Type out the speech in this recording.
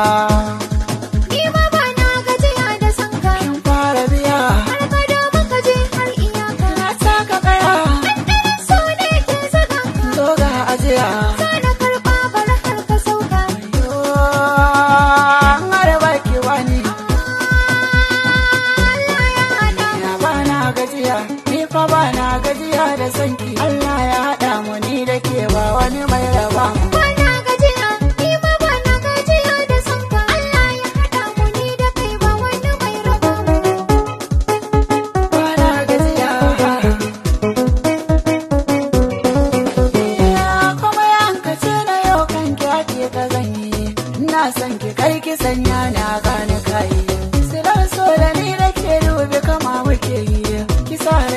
Ni ma na gajiya da san Kin fara biya. Har ka domin ka je har iyaka. Na saka kaya. Ɗanɗanon so ne ke saka. Zo ga ajiya. Sana karɓa bana har ka sauka. Yo, har ba ki wani. Ah, ni fa ba na gajiya da sanki Allah ya haɗa mu ni da ke ba wani mai raba. ina son ki kai ki sanya na gane kai